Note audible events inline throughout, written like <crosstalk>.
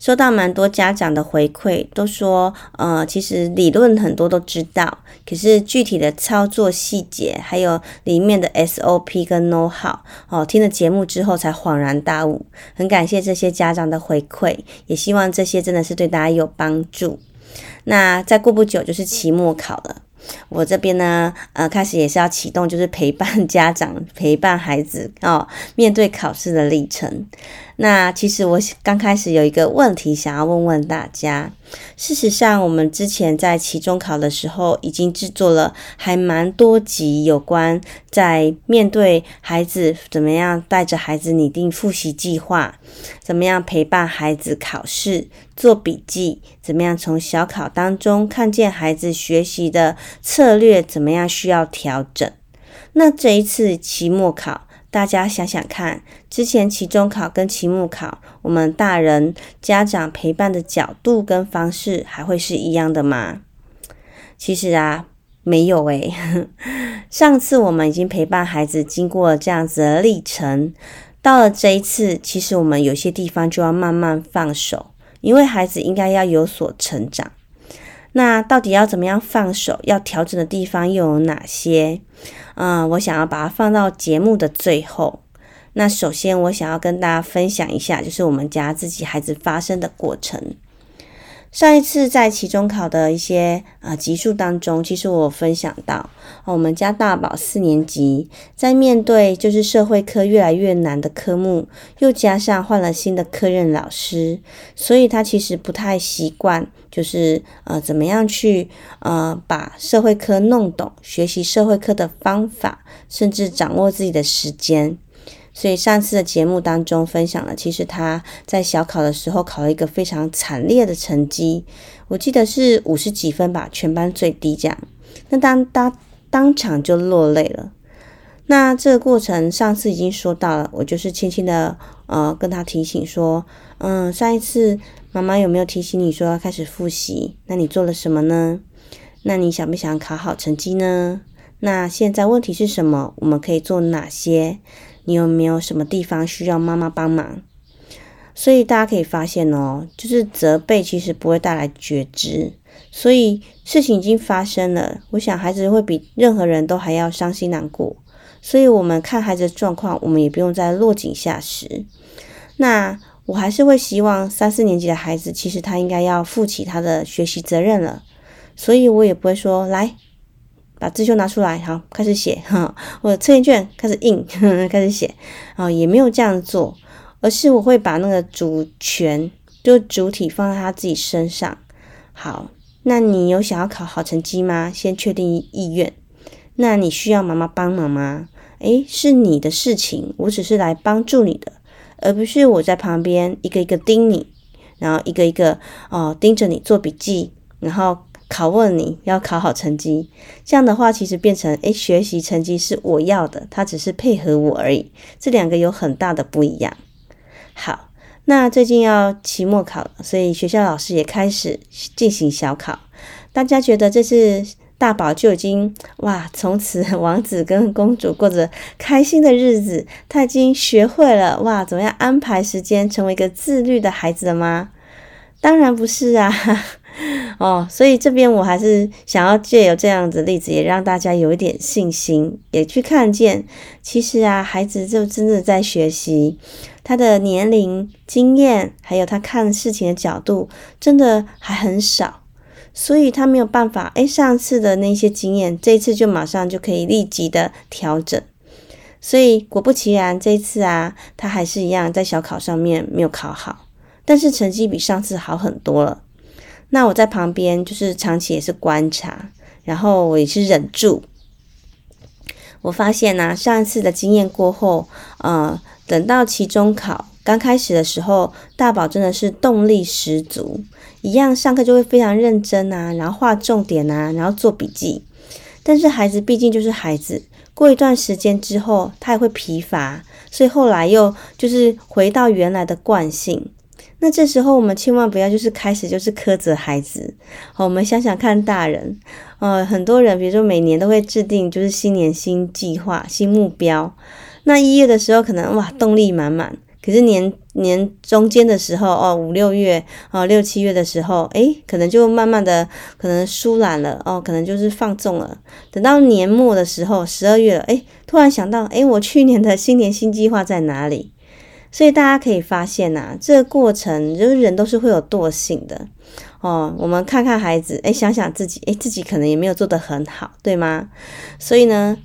收到蠻多家長的回饋，都說呃，其實理論很多都知道，可是具體的操作細節還有裡面的 SOP 跟 know-how 哦，聽了節目之後才恍然大悟。很感謝這些家長的回饋，也希望這些真的是對大家有幫助。那再過不久就是期末考了，我這邊呢，呃，開始也是要啟動，就是陪伴家長、陪伴孩子哦，面對考試的歷程。那其實我剛開始有一個問題想要問問大家。事實上，我們之前在期中考的時候已經製作了還蠻多集有關在面對孩子怎麼樣帶着孩子擬定複習計劃，怎麼樣陪伴孩子考試做筆記，怎麼樣從小考當中看見孩子學習的策略，怎麼樣需要調整。那這一次期末考，大家想想看。之前期中考跟期末考，我們大人家長陪伴的角度跟方式還會是一樣的嗎？其實啊，沒有誒、欸。 <laughs> 上次我們已經陪伴孩子經過了這樣子的歷程，到了這一次，其實我們有些地方就要慢慢放手，因為孩子應該要有所成長。那到底要怎麼樣放手？要調整的地方又有哪些？嗯，我想要把它放到節目的最後。那首先，我想要跟大家分享一下，就是我們家自己孩子發生的過程。上一次在期中考的一些啊、呃、集數當中，其實我分享到，我們家大寶四年級在面對就是社會科越來越難的科目，又加上換了新的科任老師，所以他其實不太習慣，就是呃怎麼樣去呃把社會科弄懂，學習社會科的方法，甚至掌握自己的時間。所以上次的節目當中分享了，其實他在小考的時候考了一個非常慘烈的成績，我記得是五十幾分吧，全班最低這樣。那當當當場就落淚了。那這個過程上次已經說到了，我就是輕輕的呃跟他提醒說，嗯，上一次媽媽有沒有提醒你說要開始複習？那你做了什麼呢？那你想不想考好成績呢？那現在問題是什麼？我們可以做哪些？你有沒有什麼地方需要媽媽幫忙？所以大家可以發現哦，就是責備其實不會帶來覺知。所以事情已經發生了，我想孩子會比任何人都還要傷心難過。所以我們看孩子的狀況，我們也不用再落井下石。那我還是會希望三四年級的孩子，其實他應該要負起他的學習責任了。所以我也不會說來。把自修拿出來，好，開始寫。我的測驗卷開始印，開始寫。啊、哦、也沒有這樣做，而是我會把那個主權，就主體放在他自己身上。好，那你有想要考好成績嗎？先確定意願。那你需要媽媽幫忙嗎？誒、欸、是你的事情，我只是來幫助你的，而不是我在旁邊一個一個盯你，然後一個一個哦盯着你做筆記，然後。拷問你要考好成績，這樣的話其實變成誒、欸，學習成績是我要的，他只是配合我而已。這兩個有很大的不一樣。好，那最近要期末考了，所以學校老師也開始進行小考。大家覺得這次大寶就已經哇，從此王子跟公主過着開心的日子。他已經學會了哇，怎麼樣安排時間，成為一個自律的孩子了嗎？當然不是啊。哦，所以這邊我還是想要借由這樣子的例子，也讓大家有一點信心，也去看見，其實啊，孩子就真的在學習，他的年齡、經驗，還有他看事情的角度，真的還很少，所以他沒有辦法。哎，上次的那些經驗，這一次就馬上就可以立即的調整。所以果不其然，這一次啊，他還是一樣在小考上面沒有考好，但是成績比上次好很多了。那我在旁邊就是長期也是觀察，然後我也是忍住。我發現呢、啊，上一次的經驗過後，呃，等到期中考剛開始的時候，大寶真的是動力十足，一樣上課就會非常認真啊，然後畫重點啊，然後做筆記。但是孩子畢竟就是孩子，過一段時間之後，他也會疲乏，所以後來又就是回到原來的慣性。那這時候我們千萬不要就是開始就是苛責孩子，好，我們想想看，大人，呃，很多人比如說每年都會制定就是新年新計劃、新目標，那一月的時候可能哇動力滿滿，可是年年中間的時候哦五六月哦六七月的時候哎可能就慢慢的可能疏懶了哦，可能就是放縱了，等到年末的時候十二月哎突然想到哎我去年的新年新計劃在哪裡？所以大家可以發現吶、啊，這個過程就是人都是會有惰性的哦。我們看看孩子，哎、欸，想想自己，哎、欸，自己可能也沒有做得很好，對嗎？所以呢，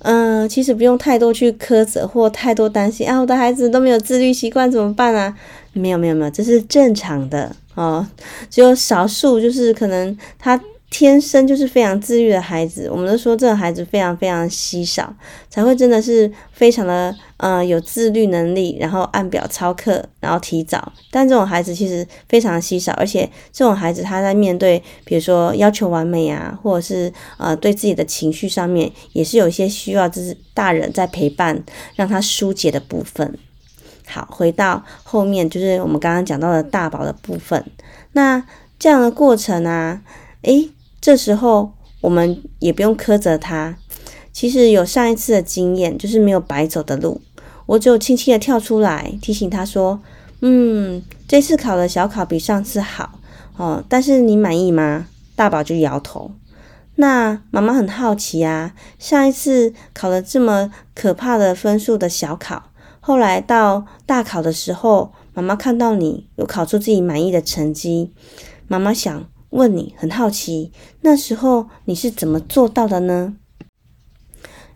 嗯、呃，其實不用太多去苛責或太多擔心啊。我的孩子都沒有自律習慣，怎麼辦啊？沒有，沒有，沒有，這是正常的哦。只有少數就是可能他。天生就是非常自律的孩子，我們都說這種孩子非常非常稀少，才會真的是非常的呃有自律能力，然後按表操課，然後提早。但這種孩子其實非常稀少，而且這種孩子他在面對比如說要求完美啊，或者是呃對自己的情緒上面，也是有一些需要就是大人在陪伴，讓他疏解的部分。好，回到後面就是我們剛剛講到的大寶的部分，那這樣的過程啊，誒。這時候我們也不用苛責他，其實有上一次的經驗，就是沒有白走的路。我只有輕輕的跳出來提醒他說：“嗯，這次考的小考比上次好哦，但是你滿意嗎？”大寶就搖頭。那媽媽很好奇啊，上一次考了這麼可怕的分數的小考，後來到大考的時候，媽媽看到你有考出自己滿意的成績，媽媽想。問你很好奇，那時候你是怎麼做到的呢？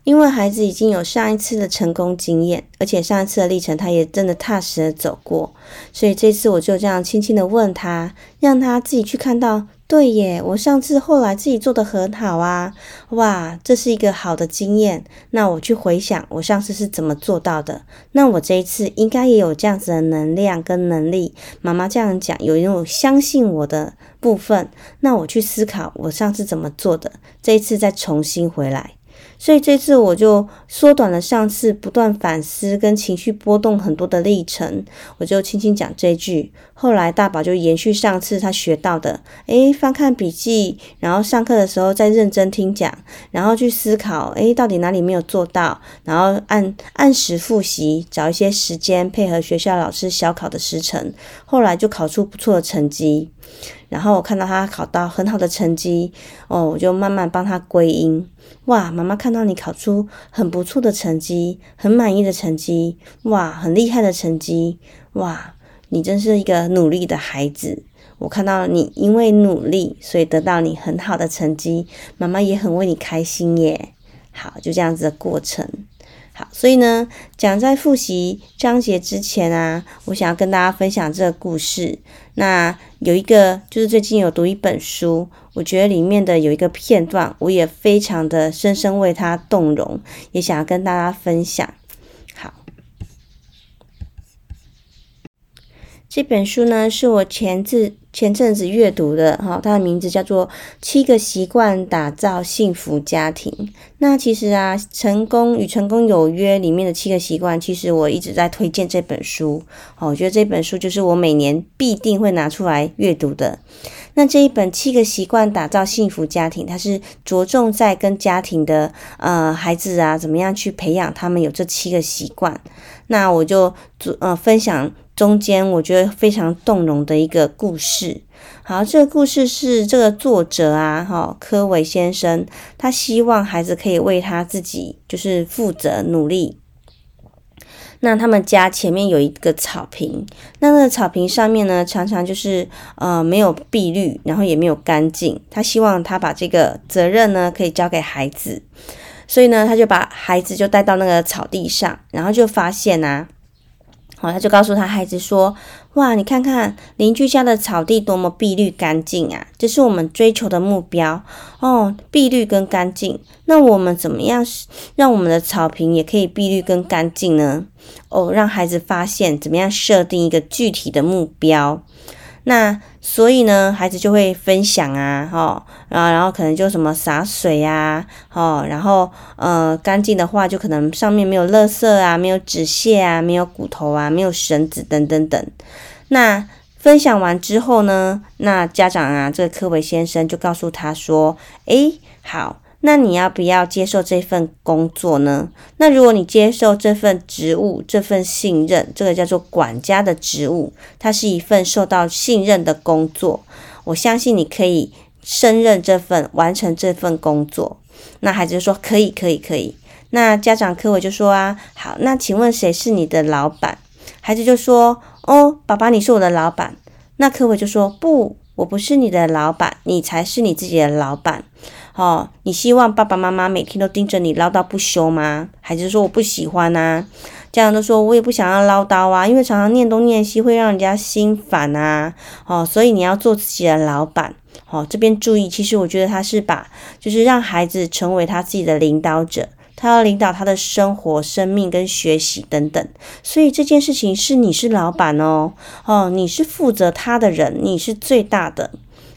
因為孩子已經有上一次的成功經驗，而且上一次的歷程他也真的踏實的走過，所以這次我就這樣輕輕的問他，讓他自己去看到。對耶，我上次後來自己做得很好啊，哇，這是一個好的經驗。那我去回想我上次是怎麼做到的，那我這一次應該也有這樣子的能量跟能力。媽媽這樣講，有一種相信我的部分，那我去思考我上次怎麼做的，這一次再重新回來。所以這次我就縮短了上次不斷反思跟情緒波動很多的歷程，我就輕輕講這一句。後來大寶就延續上次他學到的，哎，翻看筆記，然後上課的時候再認真聽講，然後去思考，哎，到底哪裡沒有做到，然後按按時複習，找一些時間配合學校老師小考的時程，後來就考出不錯的成績。然後我看到他考到很好的成績，哦，我就慢慢幫他歸因。哇，媽媽看到你考出很不錯的成績，很滿意的成績，哇，很厲害的成績，哇，你真是一個努力的孩子。我看到你因為努力，所以得到你很好的成績，媽媽也很為你開心耶。好，就這樣子的過程。好，所以呢，講在複習章節之前啊，我想要跟大家分享這個故事。那有一個，就是最近有讀一本書，我覺得裡面的有一個片段，我也非常的深深為它動容，也想要跟大家分享。這本書呢，是我前陣前陣子閱讀的哈，它的名字叫做《七個習慣打造幸福家庭》。那其實啊，《成功與成功有約》裡面的七個習慣，其實我一直在推薦這本書。哦，我覺得這本書就是我每年必定會拿出來閱讀的。那這一本《七個習慣打造幸福家庭》，它是着重在跟家庭的呃孩子啊，怎麼樣去培養他們有這七個習慣。那我就主呃分享。中間我覺得非常動容的一個故事。好，這個故事是這個作者啊，哈柯維先生，他希望孩子可以為他自己就是負責努力。那他們家前面有一個草坪，那那個草坪上面呢，常常就是呃沒有碧綠，然後也沒有乾淨。他希望他把這個責任呢，可以交給孩子，所以呢，他就把孩子就帶到那個草地上，然後就發現呢、啊。好、哦，他就告訴他孩子說：“哇，你看看鄰居家的草地多麼碧綠乾淨啊！這是我們追求的目標哦，碧綠跟乾淨。那我們怎麼樣讓我們的草坪也可以碧綠跟乾淨呢？哦，讓孩子發現怎麼樣設定一個具體的目標，那。”所以呢，孩子就會分享啊，哦，啊，然後然後可能就什麼灑水啊，哦，然後呃乾淨的話就可能上面沒有垃圾啊，沒有紙屑啊，沒有骨頭啊，沒有繩子等等等。那分享完之後呢，那家長啊，這個柯維先生就告訴他說：“誒，好。”那你要不要接受這份工作呢？那如果你接受這份職務，這份信任，這個叫做管家的職務，它是一份受到信任的工作。我相信你可以勝任這份，完成這份工作。那孩子就說：“可以，可以，可以。”那家長柯維就說：“啊，好，那請問誰是你的老闆？”孩子就說：“哦，爸爸，你是我的老闆。”那柯維就說：“不，我不是你的老闆，你才是你自己的老闆。”哦，你希望爸爸媽媽每天都盯着你嘮叨不休嗎？孩子說我不喜歡啊！家人都說我也不想要嘮叨啊，因為常常念東念西會讓人家心煩啊。哦，所以你要做自己的老闆。哦，這邊注意，其實我覺得他是把，就是讓孩子成為他自己的領導者，他要領導他的生活、生命跟學習等等。所以這件事情是你是老闆哦，哦，你是負責他的人，你是最大的。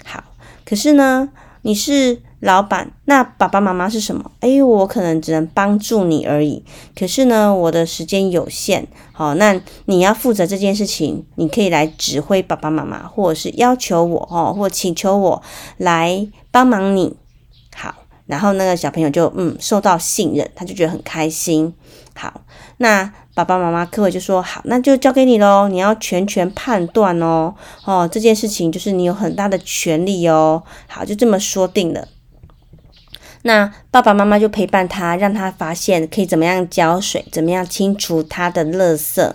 好，可是呢？你是老闆，那爸爸媽媽是什麼？哎，我可能只能幫助你而已。可是呢，我的時間有限。好，那你要負責這件事情，你可以來指揮爸爸媽媽，或者是要求我，哦，或者請求我來幫忙你。好，然後那個小朋友就嗯受到信任，他就覺得很開心。好，那。爸爸媽媽，科偉就說：“好，那就交給你嘍，你要全權判斷哦，哦，這件事情就是你有很大的權利哦。好，就這麼說定了。那爸爸媽媽就陪伴他，讓他發現可以怎麼樣澆水，怎麼樣清除他的垃圾。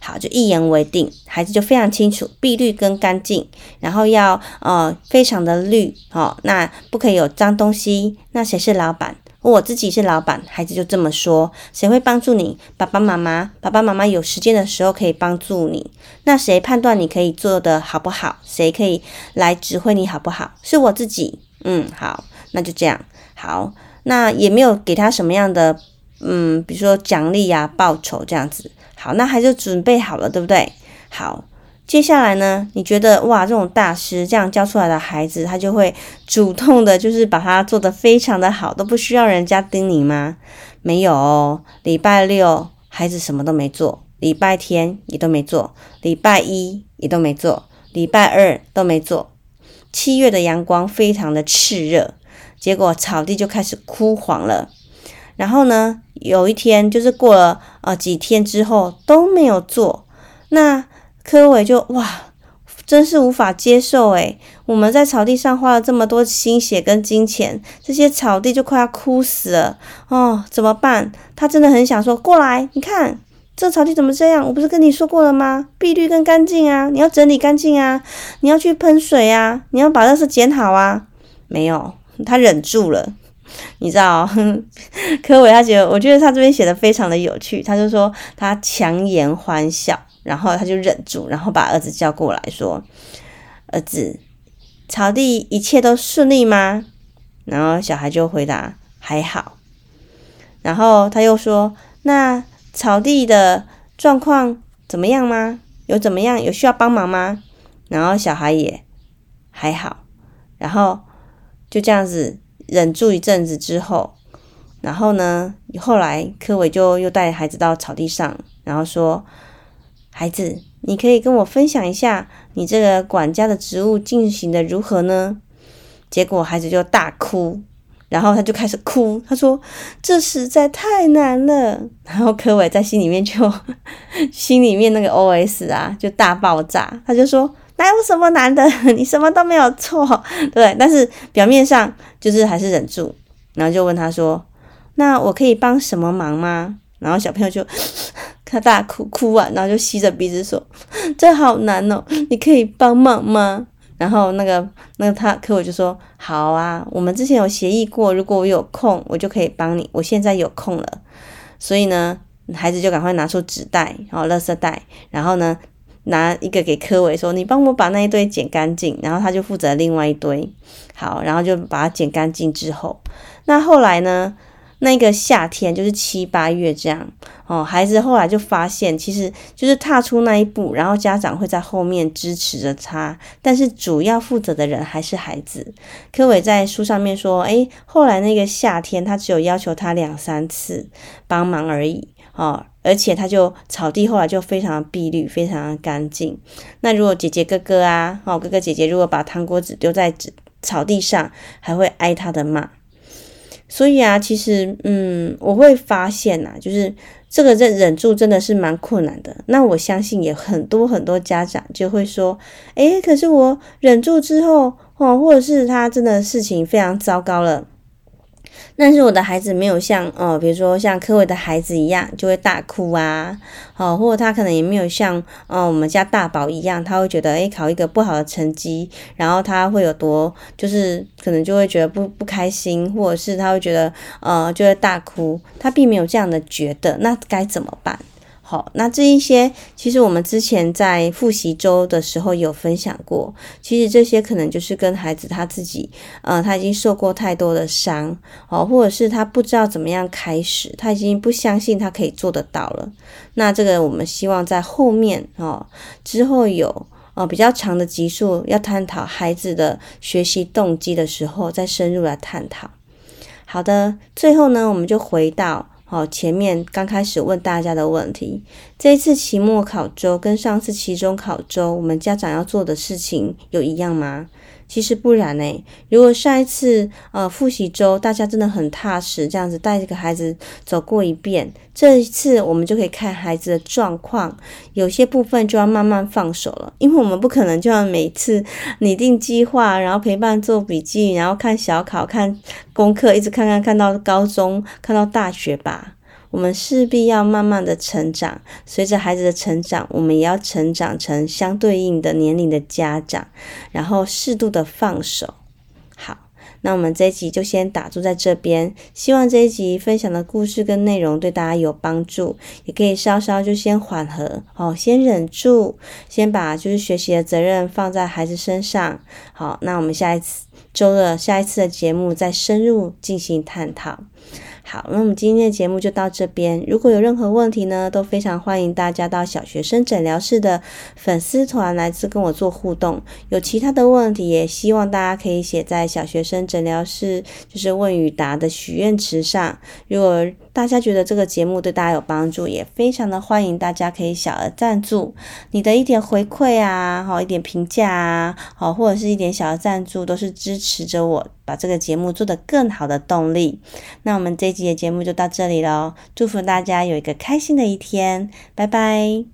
好，就一言為定，孩子就非常清楚，碧綠跟乾淨，然後要呃非常的綠哦，那不可以有髒東西。那誰是老闆？”我自己是老板，孩子就這麼說。誰會幫助你？爸爸媽媽，爸爸媽媽有時間的時候可以幫助你。那誰判斷你可以做的好不好？誰可以來指揮你好不好？是我自己。嗯，好，那就這樣。好，那也沒有給他什麼樣的，嗯，比如說獎勵呀、啊、報酬這樣子。好，那孩子準備好了，對不對？好。接下來呢？你覺得哇，這種大師這樣教出來的孩子，他就會主動的，就是把他做得非常的好，都不需要人家盯你嗎？沒有哦。禮拜六孩子什麼都沒做，禮拜天也都沒做，禮拜一也都沒做，禮拜二都沒做。七月的陽光非常的熾熱，結果草地就開始枯黃了。然後呢，有一天就是過了呃、哦、幾天之後都沒有做，那。柯偉就哇，真是無法接受誒，我們在草地上花了這麼多心血跟金錢，這些草地就快要枯死了哦，怎麼辦？他真的很想說過來，你看這草地怎麼這樣？我不是跟你說過了嗎？碧綠更乾淨啊，你要整理乾淨啊，你要去噴水啊，你要把那些剪好啊。沒有，他忍住了，你知道，哦呵呵，柯偉他覺得，我覺得他這邊寫的非常的有趣，他就說他強顏歡笑。然後他就忍住，然後把兒子叫過來說：“兒子，草地一切都順利嗎？”然後小孩就回答：“還好。”然後他又說：“那草地的狀況怎麼樣嗎？有怎麼樣？有需要幫忙嗎？”然後小孩也還好。然後就這樣子忍住一陣子之後，然後呢，後來柯偉就又帶孩子到草地上，然後說。孩子，你可以跟我分享一下你這個管家的職務進行的如何呢？結果孩子就大哭，然後他就開始哭，他說：“這實在太難了。”然後柯偉在心裡面就心裡面那個 OS 啊，就大爆炸。他就說：“哪有什麼難的？你什麼都沒有錯。”對，但是表面上就是還是忍住，然後就問他說：“那我可以幫什麼忙嗎？”然後小朋友就。他大哭哭完，然後就吸着鼻子說：“這好難哦，你可以幫忙嗎？”然後那個那個他科委就說：“好啊，我們之前有協議過，如果我有空，我就可以幫你。我現在有空了，所以呢，孩子就趕快拿出紙袋，然後垃圾袋，然後呢，拿一個給科委說：‘你幫我把那一堆剪乾淨。’然後他就負責另外一堆。好，然後就把它剪乾淨之後，那後來呢？”那個夏天就是七八月這樣哦，孩子後來就發現，其實就是踏出那一步，然後家長會在後面支持着他，但是主要負責的人還是孩子。柯偉在書上面說，哎，後來那個夏天，他只有要求他兩三次幫忙而已，哦，而且他就草地後來就非常的碧綠，非常的乾淨。那如果姐姐哥哥啊，哦哥哥姐姐如果把糖果紙丟在草地上，還會挨他的罵。所以啊，其實，嗯，我會發現吶、啊，就是這個在忍住真的是蠻困難的。那我相信也很多很多家長就會說，哎、欸，可是我忍住之後，哦，或者是他真的事情非常糟糕了。但是我的孩子沒有像，呃，比如說像柯維的孩子一樣，就會大哭啊，哦，呃，或者他可能也沒有像，呃，我們家大寶一樣，他會覺得，誒，欸，考一個不好的成績，然後他會有多，就是可能就會覺得不不開心，或者是他會覺得，呃，就會大哭，他並沒有這樣的覺得，那該怎麼辦？好，那這一些其實我們之前在複習周的時候有分享過，其實這些可能就是跟孩子他自己，呃，他已經受過太多的傷，哦，或者是他不知道怎麼樣開始，他已經不相信他可以做得到了。那這個我們希望在後面哦之後有呃，哦，比較長的集數要探討孩子的學習動機的時候，再深入來探討。好的，最後呢，我們就回到。好，前面剛開始問大家的問題，這一次期末考周跟上次期中考周，我們家長要做的事情有一樣嗎？其實不然呢，如果上一次呃複習周大家真的很踏實，這樣子帶着個孩子走過一遍，這一次我們就可以看孩子的狀況，有些部分就要慢慢放手了，因為我們不可能就要每一次擬定計劃，然後陪伴做筆記，然後看小考、看功課，一直看看看到高中，看到大學吧。我們勢必要慢慢的成長，隨着孩子的成長，我們也要成長成相對應的年齡的家長，然後適度的放手。好，那我們這一集就先打住在這邊，希望這一集分享的故事跟內容對大家有幫助，也可以稍稍就先緩和，哦，先忍住，先把就是學習的責任放在孩子身上。好，那我們下一次周二、下一次的節目再深入進行探討。好，那我們今天的節目就到這邊。如果有任何問題呢，都非常歡迎大家到小學生診聊室的粉絲團來此跟我做互動。有其他的問題，也希望大家可以寫在小學生診聊室就是問與答的許願池上。如果大家覺得這個節目對大家有幫助，也非常的歡迎大家可以小額贊助，你的一點回饋啊，好一點評價啊，好或者是一點小額贊助，都是支持着我，把這個節目做得更好的動力。那我們這一集的節目就到這裡嘍，祝福大家有一個開心的一天，拜拜。